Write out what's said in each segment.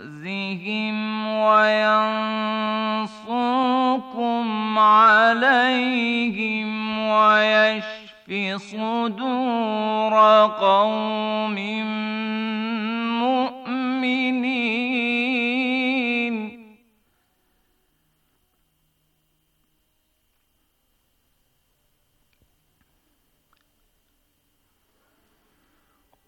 بأسهم وينصركم عليهم وَيَشْفِ صدور قوم مؤمنين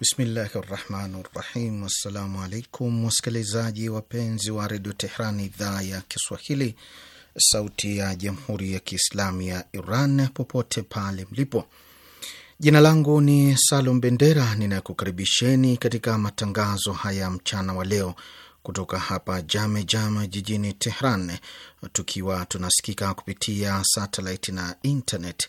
Bismillahi rahmani rahim. Wassalamu alaikum wasikilizaji wapenzi wa redio Tehran, idhaa ya Kiswahili, sauti ya jamhuri ya kiislamu ya Iran, popote pale mlipo. Jina langu ni Salum Bendera, ninakukaribisheni katika matangazo haya mchana wa leo kutoka hapa Jame Jame jijini Tehran, tukiwa tunasikika kupitia satelit na internet.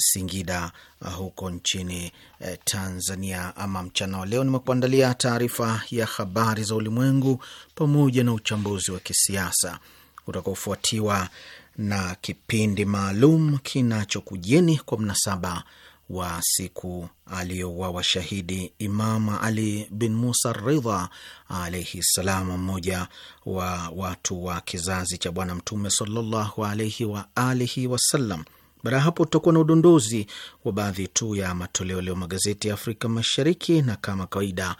Singida uh, huko nchini uh, Tanzania. Ama mchana wa leo nimekuandalia taarifa ya habari za ulimwengu pamoja na uchambuzi wa kisiasa utakaofuatiwa na kipindi maalum kinachokujeni kwa mnasaba wa siku aliyouawa shahidi Imam Ali bin Musa Ridha alaihi ssalam, mmoja wa watu wa kizazi cha Bwana Mtume sallallahu alaihi wa alihi wasallam. Baada ya hapo tutakuwa na udondozi wa baadhi tu ya matoleo leo magazeti ya Afrika Mashariki, na kama kawaida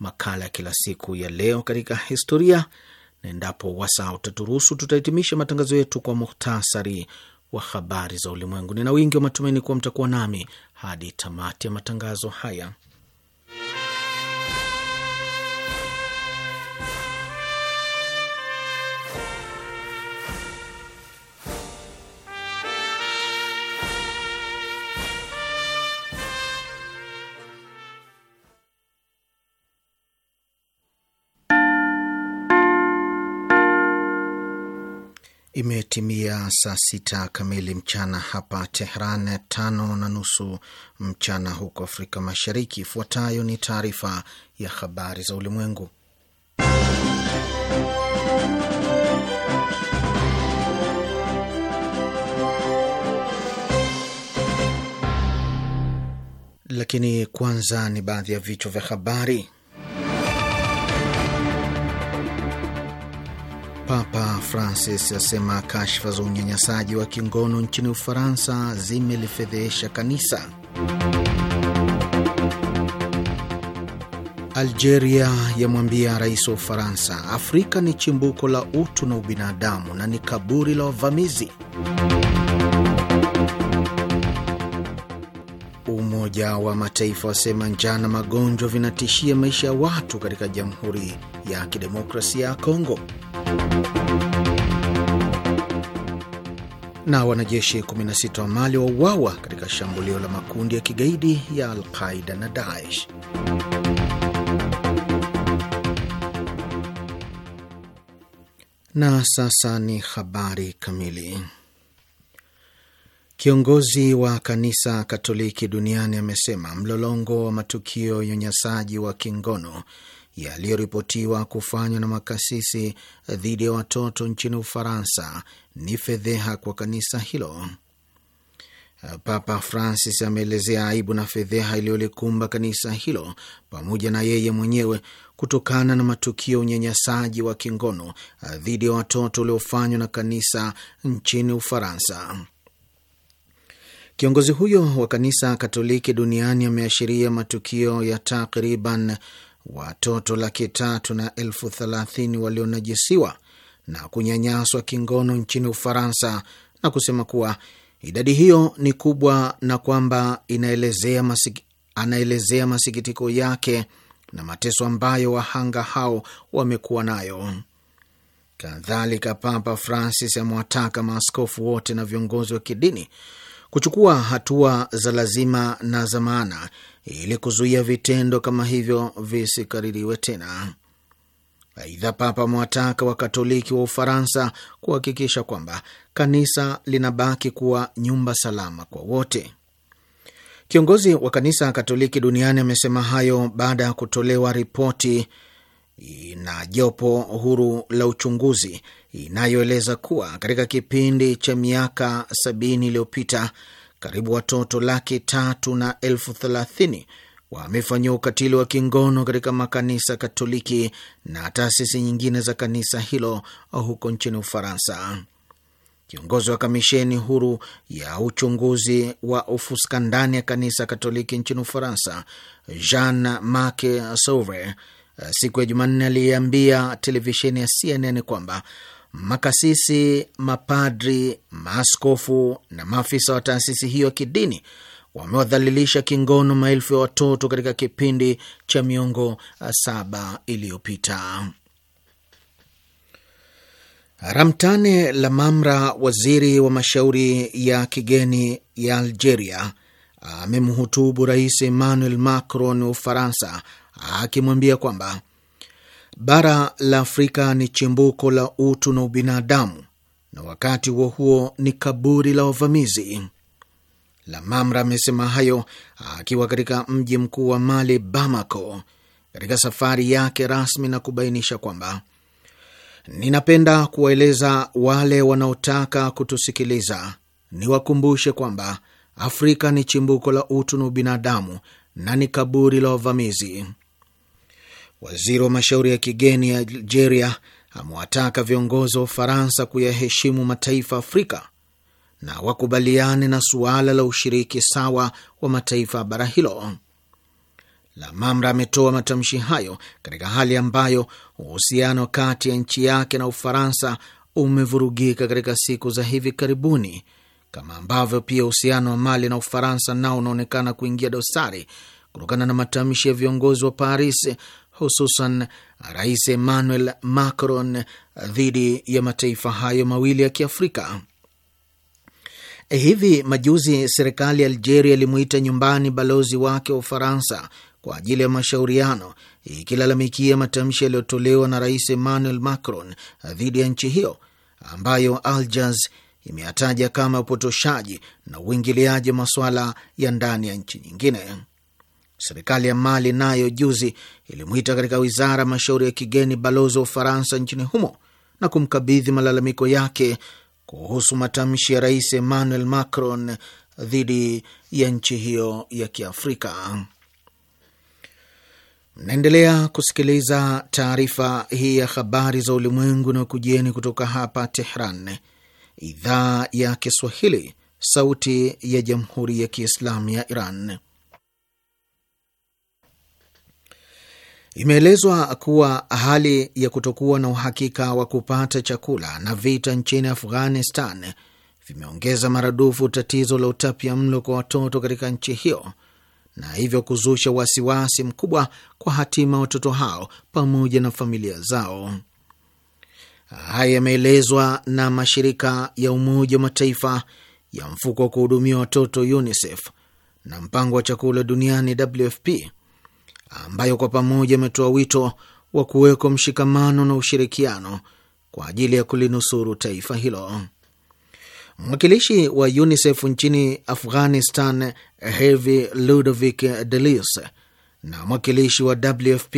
makala ya kila siku ya leo katika historia, na endapo wasaa utaturuhusu, tutahitimisha matangazo yetu kwa muhtasari wa habari za ulimwengu. Nina wingi wa matumaini kuwa mtakuwa nami hadi tamati ya matangazo haya. Imetimia saa sita kamili mchana hapa Tehran, tano na nusu mchana huko Afrika Mashariki. Ifuatayo ni taarifa ya habari za ulimwengu, lakini kwanza ni baadhi ya vichwa vya habari. Francis asema kashfa za unyanyasaji wa kingono nchini Ufaransa zimelifedhehesha kanisa. Algeria yamwambia rais wa Ufaransa, Afrika ni chimbuko la utu na ubinadamu na ni kaburi la wavamizi. Umoja wa Mataifa wasema njaa na magonjwa vinatishia maisha ya watu katika Jamhuri ya Kidemokrasia ya Kongo na wanajeshi 16 wa Mali wauawa katika shambulio la makundi ya kigaidi ya Alqaida na Daesh. Na sasa ni habari kamili. Kiongozi wa kanisa Katoliki duniani amesema mlolongo wa matukio ya unyanyasaji wa kingono yaliyoripotiwa kufanywa na makasisi dhidi ya watoto nchini Ufaransa ni fedheha kwa kanisa hilo. Papa Francis ameelezea aibu na fedheha iliyolikumba kanisa hilo pamoja na yeye mwenyewe kutokana na matukio ya unyanyasaji wa kingono dhidi ya watoto uliofanywa na kanisa nchini Ufaransa. Kiongozi huyo wa kanisa Katoliki duniani ameashiria matukio ya takriban watoto laki tatu na elfu thelathini walionajisiwa na kunyanyaswa kingono nchini Ufaransa na kusema kuwa idadi hiyo ni kubwa na kwamba inaelezea masiki, anaelezea masikitiko yake na mateso ambayo wahanga hao wamekuwa nayo. Kadhalika, Papa Francis amewataka maaskofu wote na viongozi wa kidini kuchukua hatua za lazima na za maana ili kuzuia vitendo kama hivyo visikaririwe tena. Aidha, Papa amewataka Wakatoliki wa Ufaransa kuhakikisha kwamba kanisa linabaki kuwa nyumba salama kwa wote. Kiongozi wa kanisa Katoliki duniani amesema hayo baada ya kutolewa ripoti na jopo huru la uchunguzi inayoeleza kuwa katika kipindi cha miaka sabini iliyopita karibu watoto laki tatu na elfu thelathini wamefanyiwa ukatili wa kingono katika makanisa Katoliki na taasisi nyingine za kanisa hilo huko nchini Ufaransa. Kiongozi wa kamisheni huru ya uchunguzi wa ufuska ndani ya kanisa Katoliki nchini Ufaransa, Jean Marc Sauve, siku ya Jumanne aliyeambia televisheni ya CNN kwamba makasisi, mapadri, maaskofu na maafisa wa taasisi hiyo ya kidini wamewadhalilisha kingono maelfu ya watoto katika kipindi cha miongo uh, saba iliyopita. Ramtane Lamamra, waziri wa mashauri ya kigeni ya Algeria, amemhutubu Rais Emmanuel Macron wa Ufaransa akimwambia kwamba Bara la Afrika ni chimbuko la utu na ubinadamu, na wakati huo huo ni kaburi la wavamizi. Lamamra amesema hayo akiwa katika mji mkuu wa Mali, Bamako, katika safari yake rasmi na kubainisha kwamba ninapenda kuwaeleza wale wanaotaka kutusikiliza, niwakumbushe kwamba Afrika ni chimbuko la utu na ubinadamu na ni kaburi la wavamizi. Waziri wa mashauri ya kigeni ya Algeria amewataka viongozi wa Ufaransa kuyaheshimu mataifa Afrika na wakubaliane na suala la ushiriki sawa wa mataifa ya bara hilo. Lamamra ametoa matamshi hayo katika hali ambayo uhusiano kati ya nchi yake na Ufaransa umevurugika katika siku za hivi karibuni, kama ambavyo pia uhusiano wa Mali na Ufaransa nao unaonekana kuingia dosari kutokana na matamshi ya viongozi wa Paris hususan Rais Emmanuel Macron dhidi ya mataifa hayo mawili ya Kiafrika. Hivi majuzi serikali ya Algeria ilimwita nyumbani balozi wake wa Ufaransa kwa ajili ya mashauriano, ikilalamikia matamshi yaliyotolewa na Rais Emmanuel Macron dhidi ya nchi hiyo ambayo Aljaz imeyataja kama upotoshaji na uingiliaji masuala ya ndani ya nchi nyingine. Serikali ya Mali nayo juzi ilimwita katika wizara mashauri ya kigeni balozi wa Ufaransa nchini humo na kumkabidhi malalamiko yake kuhusu matamshi ya rais Emmanuel Macron dhidi ya nchi hiyo ya Kiafrika. Mnaendelea kusikiliza taarifa hii ya habari za ulimwengu na kujieni kutoka hapa Tehran, idhaa ya Kiswahili, sauti ya jamhuri ya kiislamu ya Iran. Imeelezwa kuwa hali ya kutokuwa na uhakika wa kupata chakula na vita nchini Afghanistan vimeongeza maradufu tatizo la utapia mlo kwa watoto katika nchi hiyo na hivyo kuzusha wasiwasi mkubwa kwa hatima watoto hao pamoja na familia zao. Haya yameelezwa na mashirika ya Umoja wa Mataifa ya mfuko wa kuhudumia watoto UNICEF na mpango wa chakula duniani WFP ambayo kwa pamoja ametoa wito wa kuwekwa mshikamano na ushirikiano kwa ajili ya kulinusuru taifa hilo. Mwakilishi wa UNICEF nchini Afghanistan, Hevi Ludovic Delis, na mwakilishi wa WFP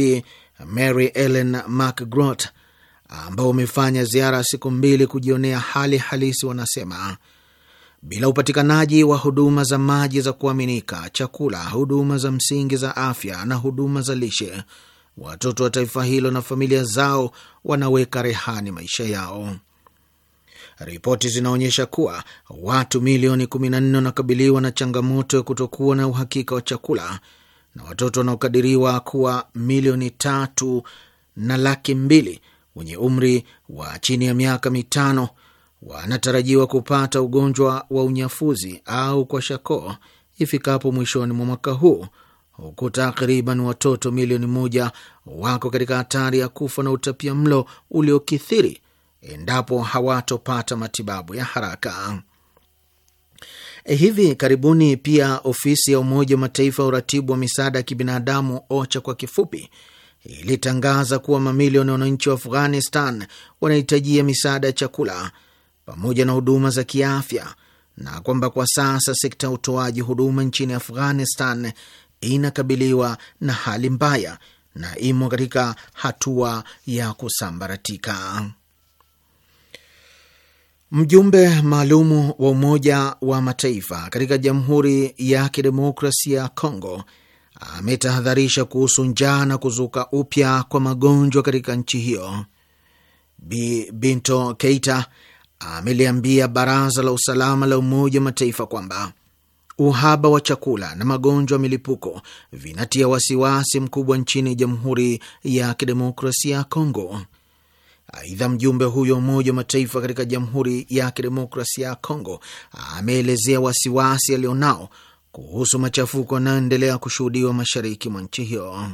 Mary Ellen McGrath, ambao wamefanya ziara ya siku mbili kujionea hali halisi, wanasema bila upatikanaji wa huduma za maji za kuaminika, chakula, huduma za msingi za afya na huduma za lishe, watoto wa taifa hilo na familia zao wanaweka rehani maisha yao. Ripoti zinaonyesha kuwa watu milioni 14 wanakabiliwa na changamoto ya kutokuwa na uhakika wa chakula na watoto wanaokadiriwa kuwa milioni tatu na laki mbili wenye umri wa chini ya miaka mitano wanatarajiwa kupata ugonjwa wa unyafuzi au kwa shako ifikapo mwishoni mwa mwaka huu, huku takriban watoto milioni moja wako katika hatari ya kufa na utapia mlo uliokithiri endapo hawatopata matibabu ya haraka. Eh, hivi karibuni pia ofisi ya Umoja wa Mataifa ya uratibu wa misaada ya kibinadamu OCHA kwa kifupi ilitangaza kuwa mamilioni ya wananchi wa Afghanistan wanahitajia misaada ya chakula pamoja na huduma za kiafya na kwamba kwa sasa sekta ya utoaji huduma nchini Afghanistan inakabiliwa na hali mbaya na imo katika hatua ya kusambaratika. Mjumbe maalumu wa Umoja wa Mataifa katika Jamhuri ya Kidemokrasia ya Kongo ametahadharisha kuhusu njaa na kuzuka upya kwa magonjwa katika nchi hiyo. Bi Binto Keita ameliambia Baraza la Usalama la Umoja wa Mataifa kwamba uhaba wa chakula na magonjwa milipuko vinatia wasiwasi mkubwa nchini Jamhuri ya Kidemokrasia ya Kongo. Aidha, mjumbe huyo Umoja wa Mataifa katika Jamhuri ya Kidemokrasia ya Kongo ameelezea wasiwasi alionao kuhusu machafuko yanayoendelea kushuhudiwa mashariki mwa nchi hiyo.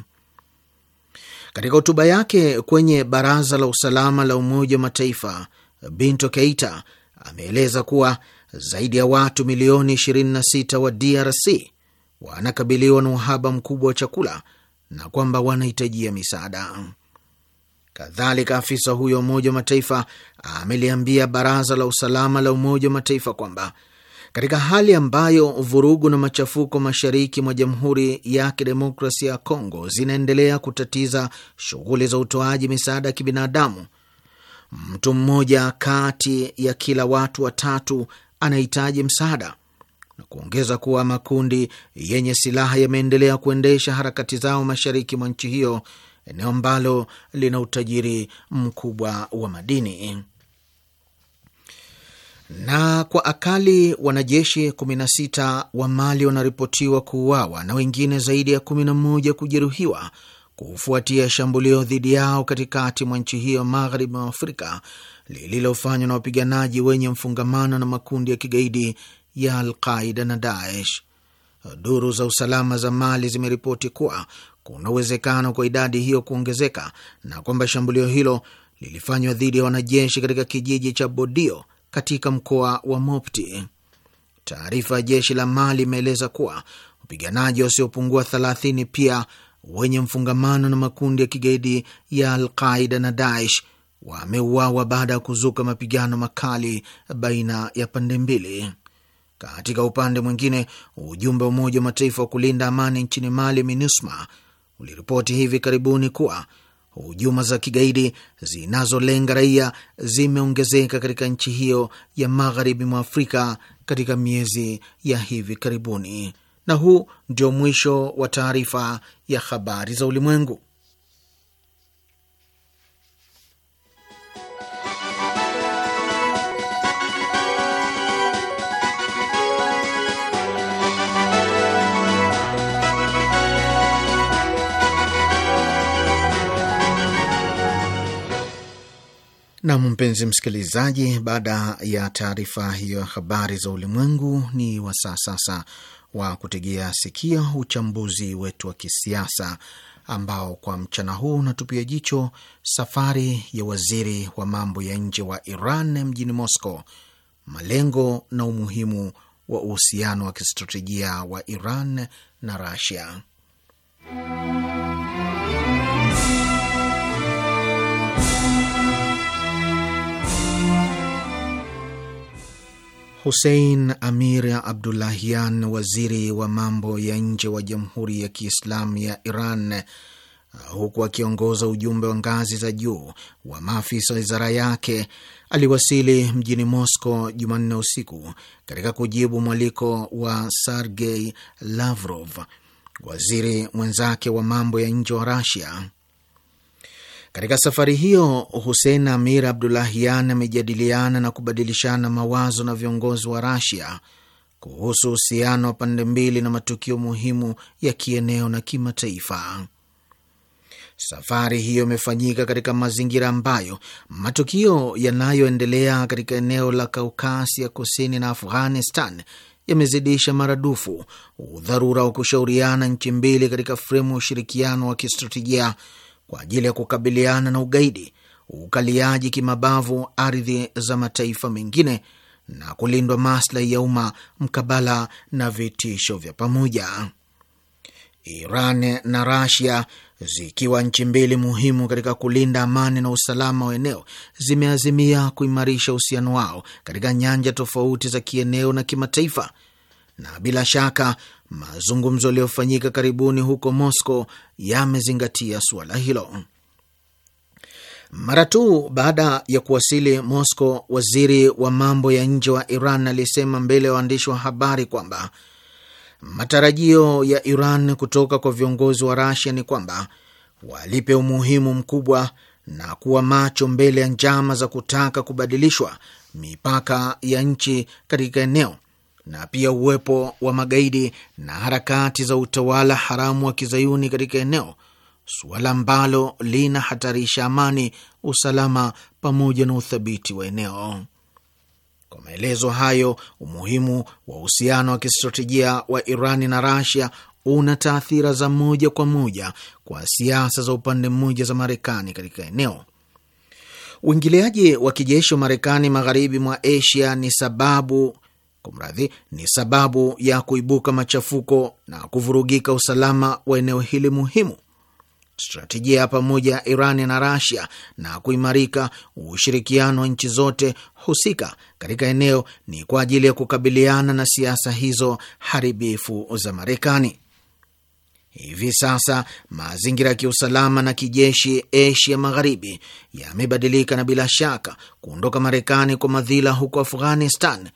Katika hotuba yake kwenye Baraza la Usalama la Umoja wa Mataifa, Binto Keita ameeleza kuwa zaidi ya watu milioni 26 wa DRC wanakabiliwa na uhaba mkubwa wa chakula na kwamba wanahitajia misaada. Kadhalika, afisa huyo wa Umoja wa Mataifa ameliambia Baraza la Usalama la Umoja wa Mataifa kwamba katika hali ambayo vurugu na machafuko mashariki mwa Jamhuri ya Kidemokrasia ya Kongo zinaendelea kutatiza shughuli za utoaji misaada ya kibinadamu Mtu mmoja kati ya kila watu watatu anahitaji msaada, na kuongeza kuwa makundi yenye silaha yameendelea kuendesha harakati zao mashariki mwa nchi hiyo, eneo ambalo lina utajiri mkubwa wa madini. Na kwa akali wanajeshi 16 wa Mali wanaripotiwa kuuawa na wengine zaidi ya 11 kujeruhiwa kufuatia shambulio dhidi yao katikati mwa nchi hiyo magharibi mwa Afrika lililofanywa na wapiganaji wenye mfungamano na makundi ya kigaidi ya Alqaida na Daesh. Duru za usalama za Mali zimeripoti kuwa kuna uwezekano kwa idadi hiyo kuongezeka na kwamba shambulio hilo lilifanywa dhidi ya wanajeshi katika kijiji cha Bodio katika mkoa wa Mopti. Taarifa ya jeshi la Mali imeeleza kuwa wapiganaji wasiopungua 30 pia wenye mfungamano na makundi ya kigaidi ya Alqaida na Daesh wameuawa baada ya kuzuka mapigano makali baina ya pande mbili. Katika upande mwingine, ujumbe wa Umoja wa Mataifa wa kulinda amani nchini Mali, MINUSMA, uliripoti hivi karibuni kuwa hujuma za kigaidi zinazolenga raia zimeongezeka katika nchi hiyo ya magharibi mwa Afrika katika miezi ya hivi karibuni. Na huu ndio mwisho wa taarifa ya habari za ulimwengu. Nam, mpenzi msikilizaji, baada ya taarifa hiyo ya habari za ulimwengu, ni wasaa sasa wa kutegea sikio uchambuzi wetu wa kisiasa ambao kwa mchana huu unatupia jicho safari ya waziri wa mambo ya nje wa Iran mjini Moscow, malengo na umuhimu wa uhusiano wa kistratejia wa Iran na Russia. Husein Amir Abdullahian, waziri wa mambo ya nje wa Jamhuri ya Kiislamu ya Iran, uh, huku akiongoza ujumbe wa ngazi za juu wa maafisa wizara yake aliwasili mjini Moscow Jumanne usiku katika kujibu mwaliko wa Sergei Lavrov, waziri mwenzake wa mambo ya nje wa Rasia. Katika safari hiyo Hussein Amir Abdulahian amejadiliana na kubadilishana mawazo na viongozi wa Rasia kuhusu uhusiano wa pande mbili na matukio muhimu ya kieneo na kimataifa. Safari hiyo imefanyika katika mazingira ambayo matukio yanayoendelea katika eneo la Kaukasi ya kusini na Afghanistan yamezidisha maradufu udharura wa kushauriana nchi mbili katika fremu ya ushirikiano wa kistratejia kwa ajili ya kukabiliana na ugaidi, ukaliaji kimabavu ardhi za mataifa mengine na kulindwa maslahi ya umma mkabala na vitisho vya pamoja. Iran na Rasia zikiwa nchi mbili muhimu katika kulinda amani na usalama wa eneo zimeazimia kuimarisha uhusiano wao katika nyanja tofauti za kieneo na kimataifa na bila shaka mazungumzo yaliyofanyika karibuni huko Moscow yamezingatia suala hilo. Mara tu baada ya kuwasili Moscow, waziri wa mambo ya nje wa Iran alisema mbele ya waandishi wa habari kwamba matarajio ya Iran kutoka kwa viongozi wa Rasia ni kwamba walipe umuhimu mkubwa na kuwa macho mbele ya njama za kutaka kubadilishwa mipaka ya nchi katika eneo na pia uwepo wa magaidi na harakati za utawala haramu wa kizayuni katika eneo, suala ambalo linahatarisha amani, usalama pamoja na uthabiti wa eneo. Kwa maelezo hayo, umuhimu wa uhusiano wa kistratejia wa Irani na Rasia una taathira za moja kwa moja kwa siasa za upande mmoja za Marekani katika eneo. Uingiliaji wa kijeshi wa Marekani magharibi mwa Asia ni sababu Kumradhi, ni sababu ya kuibuka machafuko na kuvurugika usalama wa eneo hili muhimu. Stratejia ya pamoja ya Iran na Rasia na kuimarika ushirikiano wa nchi zote husika katika eneo ni kwa ajili ya kukabiliana na siasa hizo haribifu za Marekani. Hivi sasa mazingira ya kiusalama na kijeshi Asia Magharibi yamebadilika, na bila shaka kuondoka Marekani kwa madhila huko Afghanistan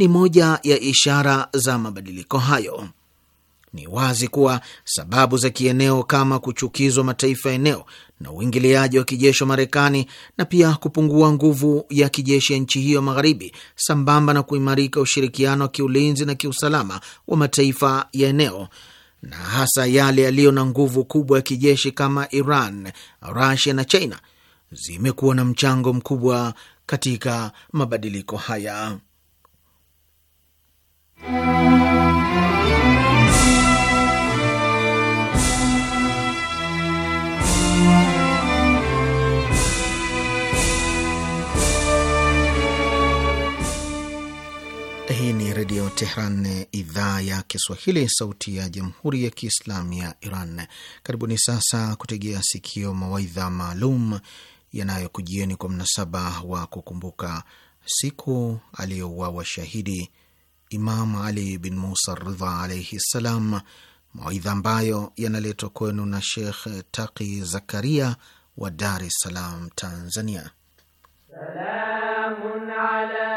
ni moja ya ishara za mabadiliko hayo. Ni wazi kuwa sababu za kieneo kama kuchukizwa mataifa ya eneo na uingiliaji wa kijeshi wa Marekani na pia kupungua nguvu ya kijeshi ya nchi hiyo magharibi, sambamba na kuimarika ushirikiano wa kiulinzi na kiusalama wa mataifa ya eneo na hasa yale yaliyo na nguvu kubwa ya kijeshi kama Iran, Rusia na China zimekuwa na mchango mkubwa katika mabadiliko haya. Hii ni Redio Tehran, idhaa ya Kiswahili, sauti ya Jamhuri ya Kiislamu ya Iran. Karibuni sasa kutegea sikio mawaidha maalum yanayokujieni kwa mnasaba wa kukumbuka siku aliyouawa shahidi Imam Ali bin Musa Ridha alaihi ssalam, mawaidha ambayo yanaletwa kwenu na Shekh Taki Zakaria wa Dar es Salaam, Tanzania. Salamun ala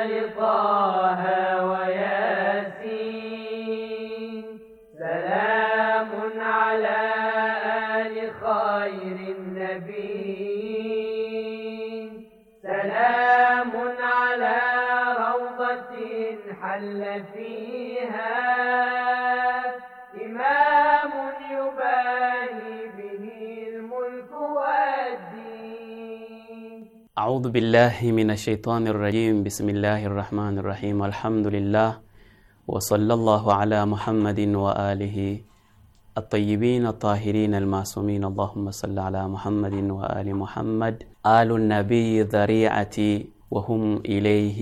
ali taha Salamun ala ali khairin لعل فيها إمام يباهي به الملك والدين أعوذ بالله من الشيطان الرجيم بسم الله الرحمن الرحيم الحمد لله وصلى الله على محمد وآله الطيبين الطاهرين المعصومين اللهم صل على محمد وآل محمد آل النبي ذريعتي وهم إليه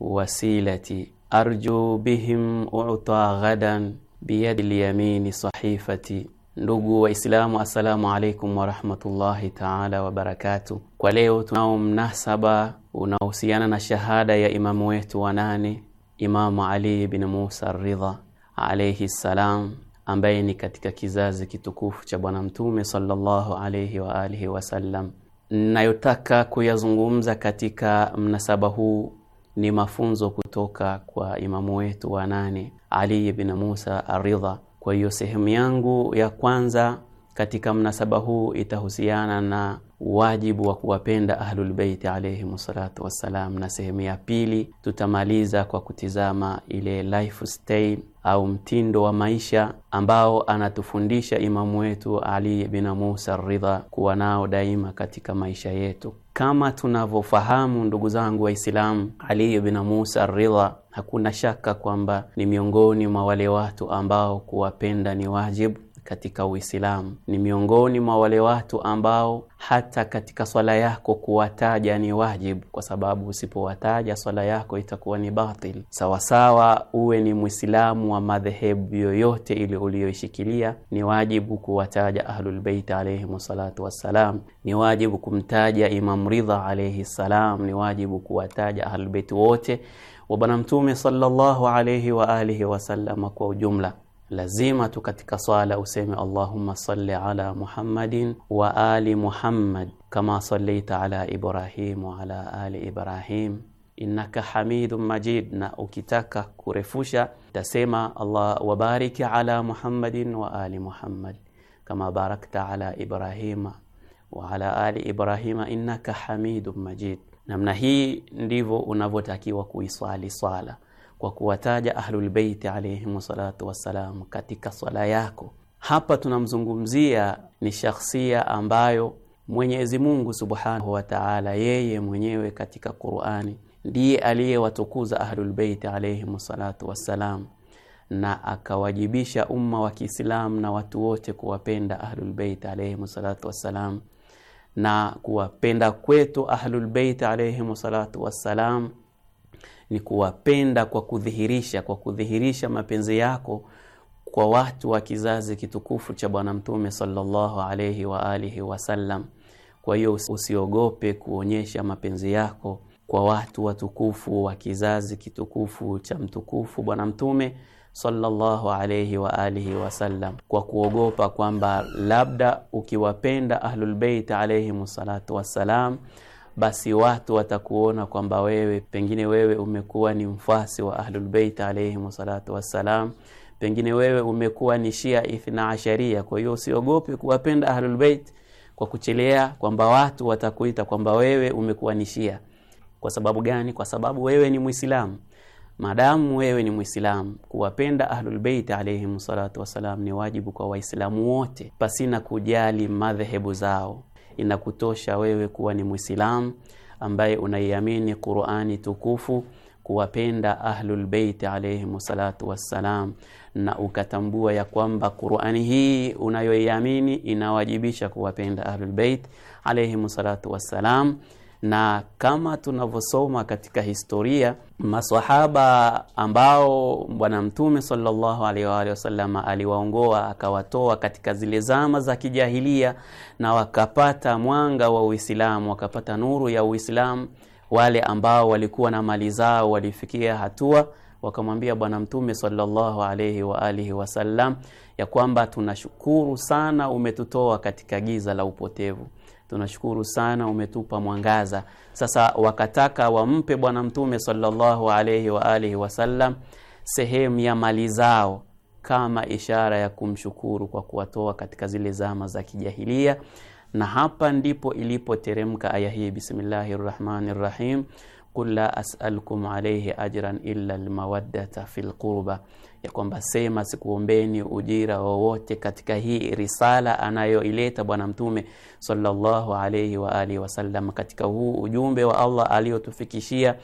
وسيلتي arju bihim uta ghadan biyadi lyamini sahifati. Ndugu Waislamu, assalamu alaikum warahmatullahi taala wabarakatu. Kwa leo tunao mnasaba unaohusiana na shahada ya imamu wetu wa nane Imamu Ali bin Musa Ridha alaihi ssalam, ambaye ni katika kizazi kitukufu cha Bwana Mtume sallallahu alaihi wa alihi wasallam. Nayotaka kuyazungumza katika mnasaba huu ni mafunzo kutoka kwa imamu wetu wa nane Ali ibn Musa Aridha. Kwa hiyo sehemu yangu ya kwanza katika mnasaba huu itahusiana na wajibu wa kuwapenda Ahlulbeiti alaihim salatu wassalam, na sehemu ya pili tutamaliza kwa kutizama ile lifestyle au mtindo wa maisha ambao anatufundisha imamu wetu Ali bin Musa Ridha kuwa nao daima katika maisha yetu. Kama tunavyofahamu ndugu zangu Waislamu, Ali ibn Musa Ridha, hakuna shaka kwamba ni miongoni mwa wale watu ambao kuwapenda ni wajibu katika Uislamu. Ni miongoni mwa wale watu ambao hata katika swala yako kuwataja ni wajibu, kwa sababu usipowataja swala yako itakuwa ni batil. Sawasawa, uwe ni Mwislamu wa madhehebu yoyote ili uliyoishikilia, ni wajibu kuwataja Ahlulbeiti alaihim salatu wassalam, ni wajibu kumtaja Imam Ridha alaihi salam, ni wajibu kuwataja Ahlulbeiti wote wa Bwana Mtume sallallahu alaihi wa alihi kwa ujumla lazima tu katika sala useme Allahumma salli ala Muhammadin wa ali Muhammad kama sallaita ala Ibrahim wa ala ali Ibrahim innaka hamidun majid. Na ukitaka kurefusha tasema Allah wabariki ala Muhammadin wa ali Muhammad kama barakta ala Ibrahima wa ala ali Ibrahima innaka hamidun majid. Namna hii ndivyo unavyotakiwa kuiswali swala kwa kuwataja Ahlulbeiti alaihimu salatu wassalam katika swala yako. Hapa tunamzungumzia ni shakhsia ambayo Mwenyezi Mungu subhanahu wa taala yeye mwenyewe katika Qurani ndiye aliyewatukuza Ahlulbeiti alaihimu salatu wassalam na akawajibisha umma wa Kiislamu na watu wote kuwapenda ahlulbeiti alaihimu salatu wassalam, na kuwapenda kwetu ahlulbeiti alaihimu salatu wassalam ni kuwapenda kwa kudhihirisha, kwa kudhihirisha mapenzi yako kwa watu wa kizazi kitukufu cha Bwana Mtume sallallahu alayhi wa alihi wasallam. Kwa hiyo usiogope kuonyesha mapenzi yako kwa watu watukufu wa kizazi kitukufu cha mtukufu Bwana Mtume sallallahu alayhi wa alihi wasallam, kwa kuogopa kwamba labda ukiwapenda Ahlulbeit alayhimus salatu wassalam basi watu watakuona kwamba wewe pengine wewe umekuwa ni mfasi wa Ahlulbeit alayhim salatu wassalam, pengine wewe umekuwa ni Shia Ithna Asharia. Kwa hiyo usiogope kuwapenda Ahlulbeit kwa kuchelea kwamba watu watakuita kwamba wewe umekuwa ni Shia. Kwa sababu gani? Kwa sababu wewe ni Mwislamu. madamu wewe ni Mwislamu, kuwapenda Ahlulbeiti alayhim salatu wassalam ni wajibu kwa Waislamu wote pasina kujali madhehebu zao inakutosha wewe kuwa ni Muislamu ambaye unaiamini Qur'ani tukufu kuwapenda ahlul bait alayhi salatu wassalam na ukatambua ya kwamba Qur'ani hii unayoiamini inawajibisha kuwapenda ahlul bait alayhi salatu wassalam na kama tunavyosoma katika historia, masahaba ambao Bwana Mtume sallallahu alaihi wa alihi wasallam aliwaongoa akawatoa katika zile zama za kijahilia, na wakapata mwanga wa Uislamu, wakapata nuru ya Uislamu. Wale ambao walikuwa na mali zao walifikia hatua wakamwambia Bwana Mtume sallallahu alaihi wa alihi wasallam ya kwamba tunashukuru sana, umetutoa katika giza la upotevu tunashukuru sana umetupa mwangaza. Sasa wakataka wampe Bwana Mtume salallahu alaihi wa alihi wasallam sehemu ya mali zao kama ishara ya kumshukuru kwa kuwatoa katika zile zama za kijahilia, na hapa ndipo ilipoteremka aya hii, bismillahi rahmani rahim, qul la asalkum alaihi ajran illa lmawaddata fi lqurba ya kwamba sema sikuombeni ujira wowote katika hii risala anayoileta Bwana Mtume sallallahu alaihi wa alihi wasallam, katika huu ujumbe wa Allah aliotufikishia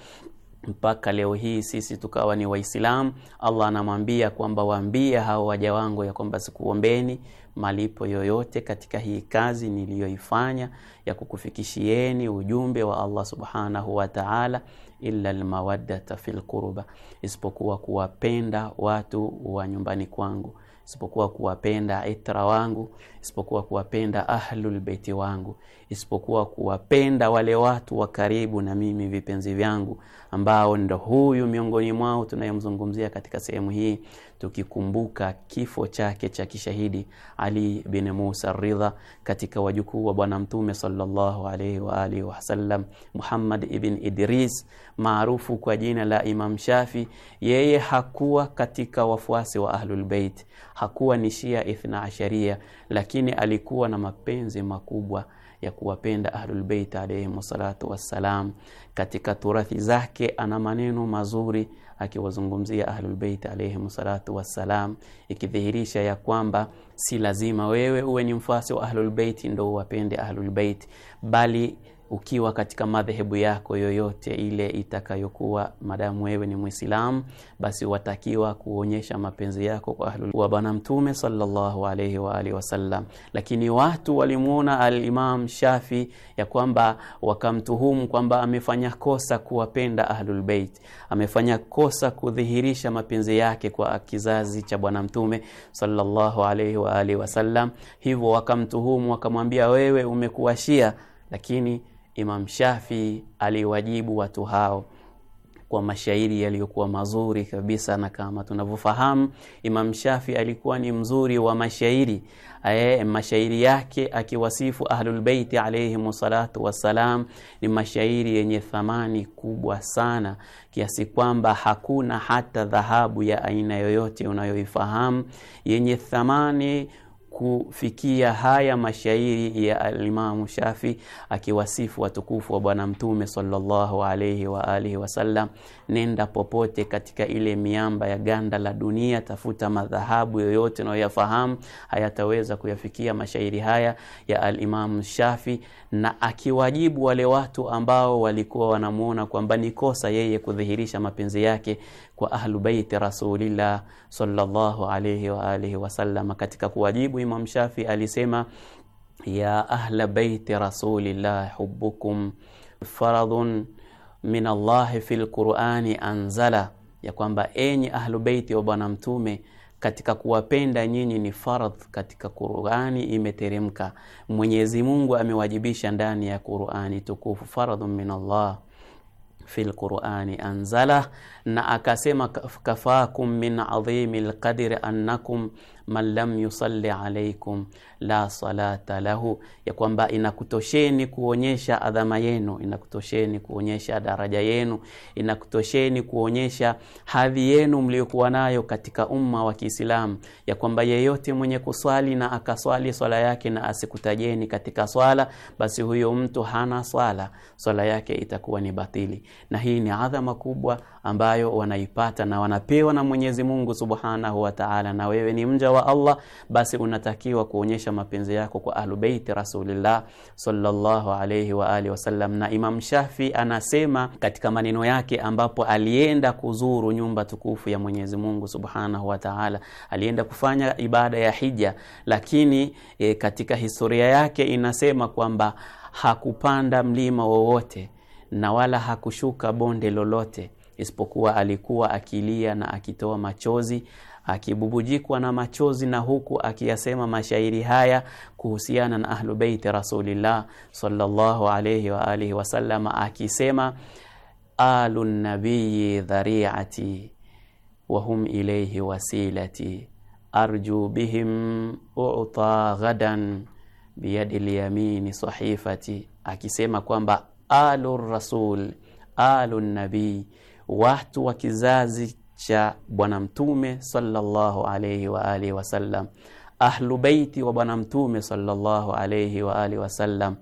mpaka leo hii sisi tukawa ni Waislamu. Allah anamwambia kwamba waambie hao waja wangu ya kwamba sikuombeni malipo yoyote katika hii kazi niliyoifanya ya kukufikishieni ujumbe wa Allah subhanahu wa ta'ala, illa almawaddata fil qurba, isipokuwa kuwapenda watu wa nyumbani kwangu, isipokuwa kuwapenda itra wangu, isipokuwa kuwapenda ahlul beiti wangu, isipokuwa kuwapenda wale watu wa karibu na mimi vipenzi vyangu, ambao ndo huyu miongoni mwao tunayemzungumzia katika sehemu hii tukikumbuka kifo chake cha kishahidi Ali bin Musa Ridha katika wajukuu wa Bwana Mtume sallallahu alaihi wa alihi wasallam, Muhammad ibn Idris maarufu kwa jina la Imam Shafi. Yeye hakuwa katika wafuasi wa ahlulbeit hakuwa ni Shia Ithna Asharia, lakini alikuwa na mapenzi makubwa ya kuwapenda ahlulbeit alaihim salatu wassalam. Katika turathi zake ana maneno mazuri akiwazungumzia Ahlulbeiti alaihim salatu wassalam, ikidhihirisha ya kwamba si lazima wewe uwe ni mfuasi wa Ahlulbeiti ndo uwapende Ahlulbeiti bali ukiwa katika madhehebu yako yoyote ile itakayokuwa, madamu wewe ni Mwislamu, basi watakiwa kuonyesha mapenzi yako kwa ahlul wa Bwana Mtume sallallahu alayhi wa alihi wasallam. Lakini watu walimwona alimam Shafi ya kwamba wakamtuhumu kwamba amefanya kosa kuwapenda ahlulbeit amefanya kosa kudhihirisha mapenzi yake kwa kizazi cha Bwana Mtume sallallahu alayhi wa alihi wasallam. Hivyo wakamtuhumu wakamwambia, wewe umekuwa Shia, lakini Imam Shafi aliwajibu watu hao kwa mashairi yaliyokuwa mazuri kabisa, na kama tunavyofahamu Imam Shafi alikuwa ni mzuri wa mashairi ae, mashairi yake akiwasifu Ahlulbeiti alaihim salatu wassalam ni mashairi yenye thamani kubwa sana, kiasi kwamba hakuna hata dhahabu ya aina yoyote unayoifahamu yenye thamani kufikia haya mashairi ya alimamu Shafi akiwasifu watukufu wa Bwana Mtume sallallahu alaihi wa alihi wasallam, nenda popote katika ile miamba ya ganda la dunia, tafuta madhahabu yoyote unayoyafahamu, hayataweza kuyafikia mashairi haya ya alimamu Shafi, na akiwajibu wale watu ambao walikuwa wanamwona kwamba ni kosa yeye kudhihirisha mapenzi yake kwa Ahlubaiti rasulillah sallallahu alaihi wa alihi wasallam katika kuwajibu Imam Shafi alisema ya ahla baiti rasulillah hubbukum faradhun min Allahi fi lqurani anzala, ya kwamba enyi ahlu beiti wa Bwana Mtume katika kuwapenda nyinyi ni fardh katika Qur'ani imeteremka. Mwenyezi Mungu amewajibisha ndani ya Qur'ani tukufu, faradhun min Allah fil Qur'ani anzala na akasema kafakum min adhimi lqadri annakum man lam yusalli alaikum la salata lahu, ya kwamba inakutosheni kuonyesha adhama yenu, inakutosheni kuonyesha daraja yenu, inakutosheni kuonyesha hadhi yenu mliokuwa nayo katika umma wa Kiislamu, ya kwamba yeyote mwenye kuswali na akaswali swala yake na asikutajeni katika swala, basi huyo mtu hana swala, swala yake itakuwa ni batili. Na hii ni adhama kubwa ambayo wanaipata na wanapewa na Mwenyezi Mungu Subhanahu wa Ta'ala. Na wewe ni mja wa Allah, basi unatakiwa kuonyesha mapenzi yako kwa ahlubeiti Rasulillah sallallahu alayhi wa alihi wasallam. Na Imam Shafi anasema katika maneno yake, ambapo alienda kuzuru nyumba tukufu ya Mwenyezi Mungu Subhanahu wa Ta'ala, alienda kufanya ibada ya hija, lakini e, katika historia yake inasema kwamba hakupanda mlima wowote na wala hakushuka bonde lolote isipokuwa alikuwa akilia na akitoa machozi akibubujikwa na machozi na huku akiyasema mashairi haya kuhusiana na ahlu beiti rasulillah sallallahu alayhi wa alihi wasallam, akisema alu nabiyi dhariati wa hum ilayhi wasilati arju bihim uta ghadan biyadi lyamini sahifati, akisema kwamba alu rasul alu nabiyi watu wa kizazi cha Bwana Mtume sallallahu alayhi wa alihi wasallam, ahlu baiti wa Bwana Mtume sallallahu alayhi wa alihi wasallam,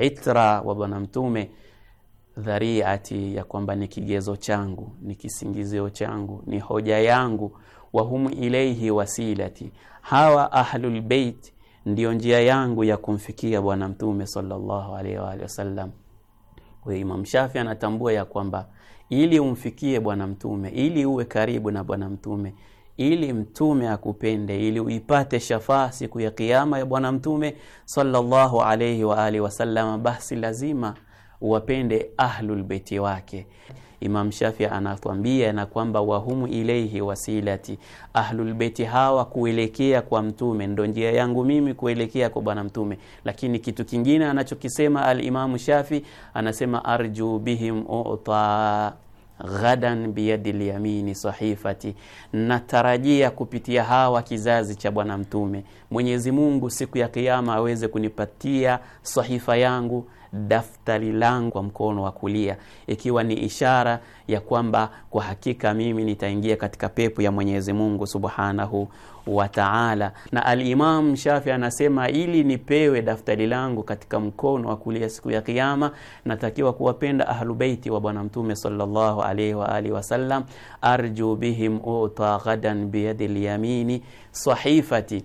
itra wa Bwana Mtume, dhariati ya kwamba ni kigezo changu, ni kisingizio changu, ni hoja yangu, wa hum ilaihi wasilati, hawa ahlul bait ndiyo njia yangu ya kumfikia Bwana Mtume sallallahu alaihi wa alihi wasallam. Huyo Imam Shafi anatambua ya kwamba ili umfikie Bwana Mtume, ili uwe karibu na Bwana Mtume, ili Mtume akupende, ili uipate shafaa siku ya kiama ya Bwana Mtume sallallahu alayhi wa alihi wasallam, basi lazima uwapende ahlul beiti wake. Imam Shafi anatuambia na kwamba wahumu ilaihi wasilati, ahlulbeiti hawa kuelekea kwa mtume ndo njia yangu mimi kuelekea kwa bwana mtume. Lakini kitu kingine anachokisema Alimamu Shafi anasema arju bihim uta ghadan biyadi lyamini sahifati, natarajia kupitia hawa kizazi cha Bwana Mtume Mwenyezi Mungu siku ya kiama aweze kunipatia sahifa yangu daftari langu kwa mkono wa kulia, ikiwa ni ishara ya kwamba kwa hakika mimi nitaingia katika pepo ya Mwenyezi Mungu Subhanahu wa Ta'ala. Na al-Imam Shafi anasema ili nipewe daftari langu katika mkono wa kulia siku ya Kiyama, natakiwa kuwapenda ahlubeiti wa Bwana Mtume sallallahu alaihi wa alihi wasallam, arju bihim uta ghadan biyadi lyamini sahifati.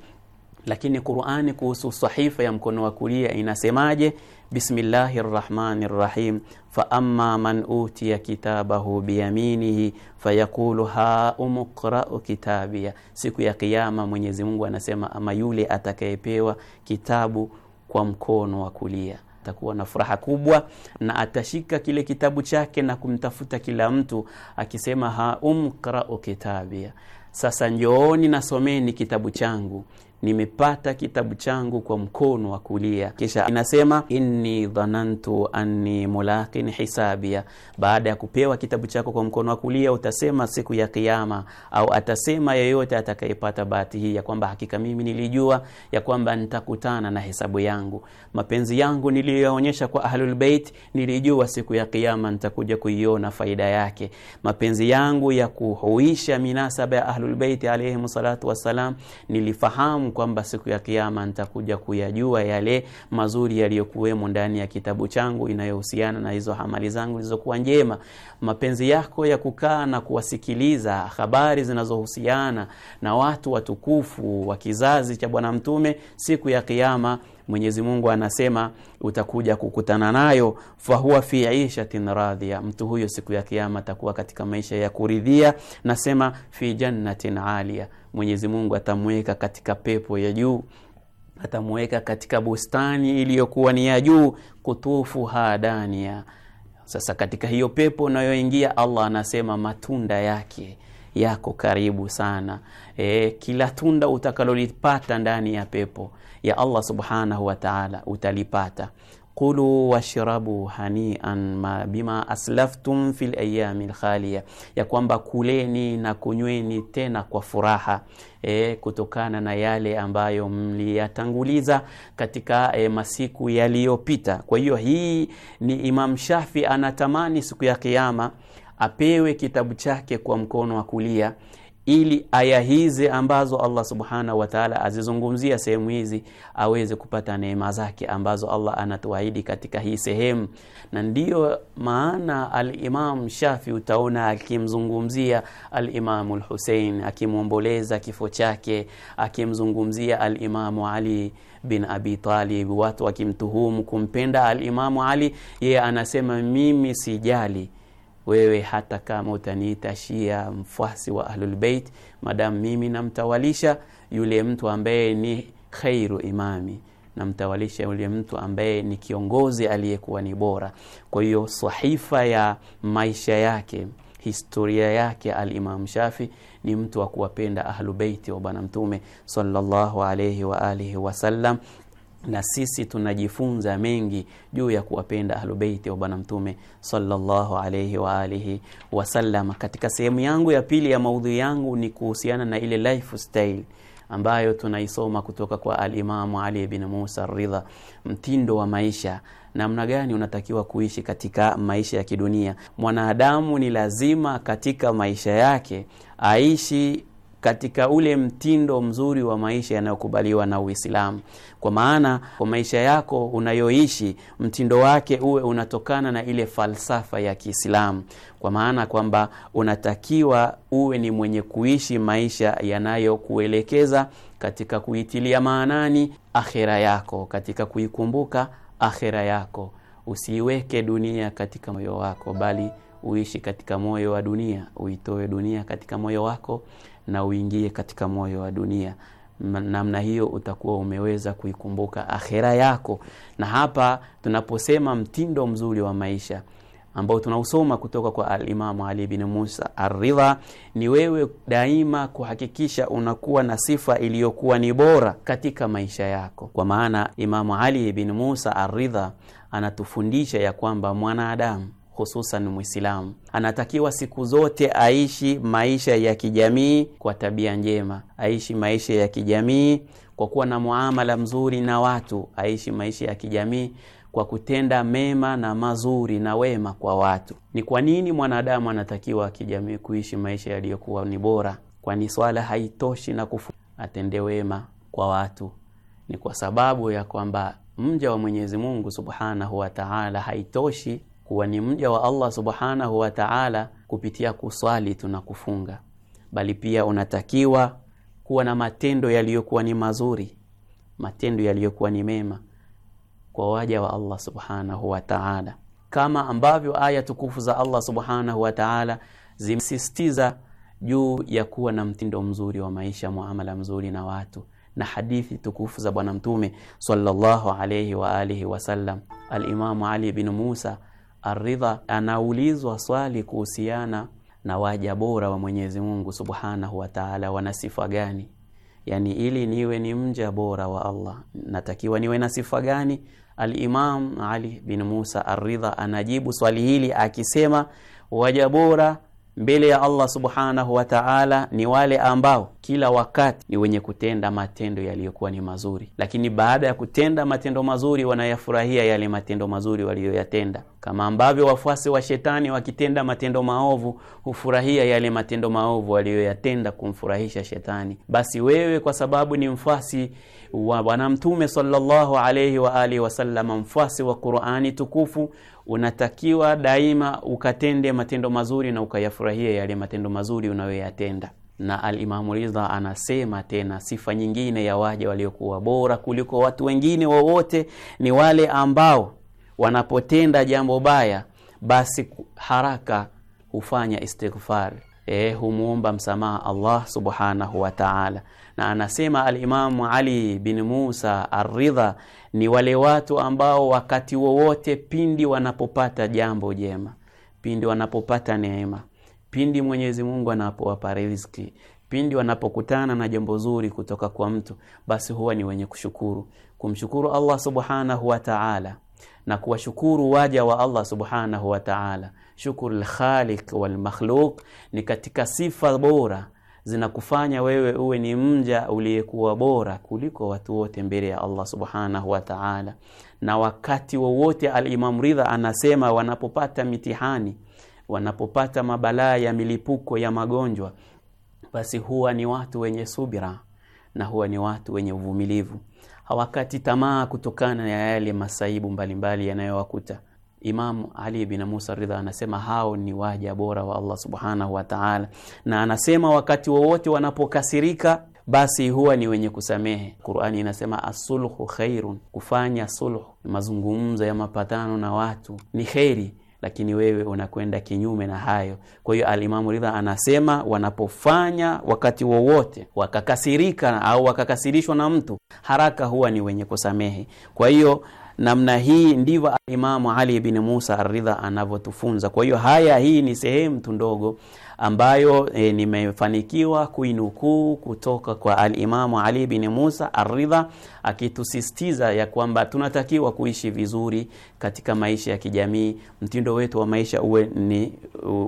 Lakini Qur'ani kuhusu sahifa ya mkono wa kulia inasemaje? bismillahi rahmani rahim faama man utiya kitabahu biyaminihi fayaqulu haumu kitabia, siku ya Kiyama Mwenyezi Mungu anasema, ama yule atakayepewa kitabu kwa mkono wa kulia atakuwa na furaha kubwa, na atashika kile kitabu chake na kumtafuta kila mtu akisema, haumqrau kitabia, sasa njooni nasomeni kitabu changu nimepata kitabu changu kwa mkono wa kulia. Kisha inasema inni dhanantu anni mulaqin hisabia. Baada ya kupewa kitabu chako kwa mkono wa kulia, utasema siku ya Kiyama, au atasema yeyote atakayepata bahati hii ya kwamba hakika mimi nilijua ya kwamba nitakutana na hesabu yangu, mapenzi yangu niliyoonyesha kwa Ahlul Bait, nilijua siku ya Kiyama nitakuja kuiona faida yake, mapenzi yangu ya kuhuisha minasaba ya Ahlul Bait alayhi salatu wassalam, nilifahamu kwamba siku ya kiama nitakuja kuyajua yale mazuri yaliyokuwemo ndani ya kitabu changu inayohusiana na hizo amali zangu zilizokuwa njema. Mapenzi yako ya kukaa na kuwasikiliza habari zinazohusiana na watu watukufu wa kizazi cha Bwana Mtume siku ya kiama Mwenyezi Mungu anasema utakuja kukutana nayo, fahuwa fi ishatin radhiya, mtu huyo siku ya kiyama atakuwa katika maisha ya kuridhia. Nasema fi jannatin alia, Mwenyezi Mungu atamweka katika pepo ya juu atamuweka katika bustani iliyokuwa ni ya juu, kutufu hadania. Sasa katika hiyo pepo unayoingia, Allah anasema matunda yake yako karibu sana e, kila tunda utakalolipata ndani ya pepo ya Allah subhanahu wa ta'ala utalipata kulu washrabu hanian bima aslaftum fi layami lkhalia, ya kwamba kuleni na kunyweni tena kwa furaha e, kutokana na yale ambayo mliyatanguliza katika e, masiku yaliyopita. Kwa hiyo hii ni Imam Shafi anatamani siku ya Kiyama apewe kitabu chake kwa mkono wa kulia ili aya hizi ambazo Allah subhanahu wa ta'ala azizungumzia sehemu hizi aweze kupata neema zake ambazo Allah anatuahidi katika hii sehemu, na ndiyo maana al-Imam Shafi utaona akimzungumzia al-Imam hussein akimwomboleza kifo chake, akimzungumzia al-Imam Ali bin Abi Talib, watu wakimtuhumu kumpenda al-Imam Ali, yeye anasema mimi sijali wewe hata kama utaniita Shia, mfuasi wa Ahlulbeit, madamu mimi namtawalisha yule mtu ambaye ni khairu imami, namtawalisha yule mtu ambaye ni kiongozi aliyekuwa ni bora. Kwa hiyo sahifa ya maisha yake historia yake Alimam Shafi ni mtu wa kuwapenda Ahlubeiti wa Bwana Mtume sallallahu alayhi wasallam na sisi tunajifunza mengi juu ya kuwapenda ahlubeiti wa Bwana Mtume salllahu alaihi wa alihi Katika sehemu yangu ya pili ya maudhui yangu ni kuhusiana na ile lifestyle ambayo tunaisoma kutoka kwa alimamu Ali bin Musa Ridha, mtindo wa maisha, namna gani unatakiwa kuishi katika maisha ya kidunia. Mwanadamu ni lazima katika maisha yake aishi katika ule mtindo mzuri wa maisha yanayokubaliwa na Uislamu. Kwa maana kwa maisha yako unayoishi mtindo wake uwe unatokana na ile falsafa ya Kiislamu, kwa maana kwamba unatakiwa uwe ni mwenye kuishi maisha yanayokuelekeza katika kuitilia maanani akhera yako, katika kuikumbuka akhera yako. Usiiweke dunia katika moyo wako, bali uishi katika moyo wa dunia, uitoe dunia katika moyo wako na uingie katika moyo wa dunia. Namna hiyo utakuwa umeweza kuikumbuka akhera yako. Na hapa tunaposema mtindo mzuri wa maisha ambao tunausoma kutoka kwa alimamu Ali bin Musa aridha ni wewe daima kuhakikisha unakuwa na sifa iliyokuwa ni bora katika maisha yako. Kwa maana Imamu Ali bin Musa aridha anatufundisha ya kwamba mwanadamu hususan Mwislamu anatakiwa siku zote aishi maisha ya kijamii kwa tabia njema, aishi maisha ya kijamii kwa kuwa na muamala mzuri na watu, aishi maisha ya kijamii kwa kutenda mema na mazuri na wema kwa watu. Ni kwa nini mwanadamu anatakiwa kijamii kuishi maisha yaliyokuwa ni bora? Kwani swala haitoshi na kufu atende wema kwa watu, ni kwa sababu ya kwamba mja wa Mwenyezi Mungu Subhanahu wa Ta'ala haitoshi kuwa ni mja wa Allah subhanahu wa ta'ala kupitia kuswali tuna kufunga, bali pia unatakiwa kuwa na matendo yaliyokuwa ni mazuri, matendo yaliyokuwa ni mema kwa waja wa Allah subhanahu wa ta'ala, kama ambavyo aya tukufu za Allah subhanahu wa ta'ala zimsisitiza juu ya kuwa na mtindo mzuri wa maisha, muamala mzuri na watu na hadithi tukufu za Bwana Mtume sallallahu alayhi wa alihi wasallam, Alimamu Ali bin Musa Aridha anaulizwa swali kuhusiana na waja bora wa Mwenyezi Mungu Subhanahu wataala wana sifa gani? Yani, ili niwe ni mja bora wa Allah natakiwa niwe na sifa gani? alimam Ali bin Musa Aridha anajibu swali hili akisema waja bora mbele ya Allah subhanahu wa ta'ala ni wale ambao kila wakati ni wenye kutenda matendo yaliyokuwa ni mazuri, lakini baada ya kutenda matendo mazuri wanayafurahia yale matendo mazuri waliyoyatenda, kama ambavyo wafuasi wa shetani wakitenda matendo maovu hufurahia yale matendo maovu waliyoyatenda kumfurahisha shetani. Basi wewe kwa sababu ni mfuasi wa Bwana Mtume sallallahu alayhi wa alihi wasallam, mfuasi wa Qur'ani tukufu, unatakiwa daima ukatende matendo mazuri na ukayafurahia yale matendo mazuri unayoyatenda. Na Alimamu Ridha anasema tena, sifa nyingine ya waja waliokuwa bora kuliko watu wengine wowote ni wale ambao wanapotenda jambo baya, basi haraka hufanya istighfar, eh, humuomba msamaha Allah subhanahu wa ta'ala na anasema alimamu Ali bin Musa Arridha ni wale watu ambao wakati wowote pindi wanapopata jambo jema, pindi wanapopata neema, pindi Mwenyezi Mungu anapowapa riziki, pindi wanapokutana na jambo zuri kutoka kwa mtu, basi huwa ni wenye kushukuru, kumshukuru Allah subhanahu wataala na kuwashukuru waja wa Allah subhanahu wataala ta'ala. Shukuru lkhaliq walmakhluq ni katika sifa bora zinakufanya wewe uwe ni mja uliyekuwa bora kuliko watu wote mbele ya Allah subhanahu wa ta'ala. Na wakati wowote Al-Imam Ridha anasema wanapopata mitihani, wanapopata mabalaa ya milipuko ya magonjwa, basi huwa ni watu wenye subira na huwa ni watu wenye uvumilivu, hawakati tamaa kutokana na yale masaibu mbalimbali yanayowakuta. Imam Ali bin Musa Ridha anasema hao ni waja bora wa Allah subhanahu wa ta'ala, na anasema wakati wowote wanapokasirika basi huwa ni wenye kusamehe. Qur'ani inasema asulhu khairun, kufanya sulhu, mazungumzo ya mapatano na watu ni kheri, lakini wewe unakwenda kinyume na hayo. Kwa hiyo Alimamu Ridha anasema wanapofanya wakati wowote wakakasirika au wakakasirishwa na mtu, haraka huwa ni wenye kusamehe. Kwa hiyo Namna hii ndivyo Imamu Ali bin Musa Aridha anavyotufunza. Kwa hiyo haya, hii ni sehemu tu ndogo ambayo e, nimefanikiwa kuinukuu kutoka kwa Alimamu Ali bin Musa Aridha akitusisitiza ya kwamba tunatakiwa kuishi vizuri katika maisha ya kijamii, mtindo wetu wa maisha uwe ni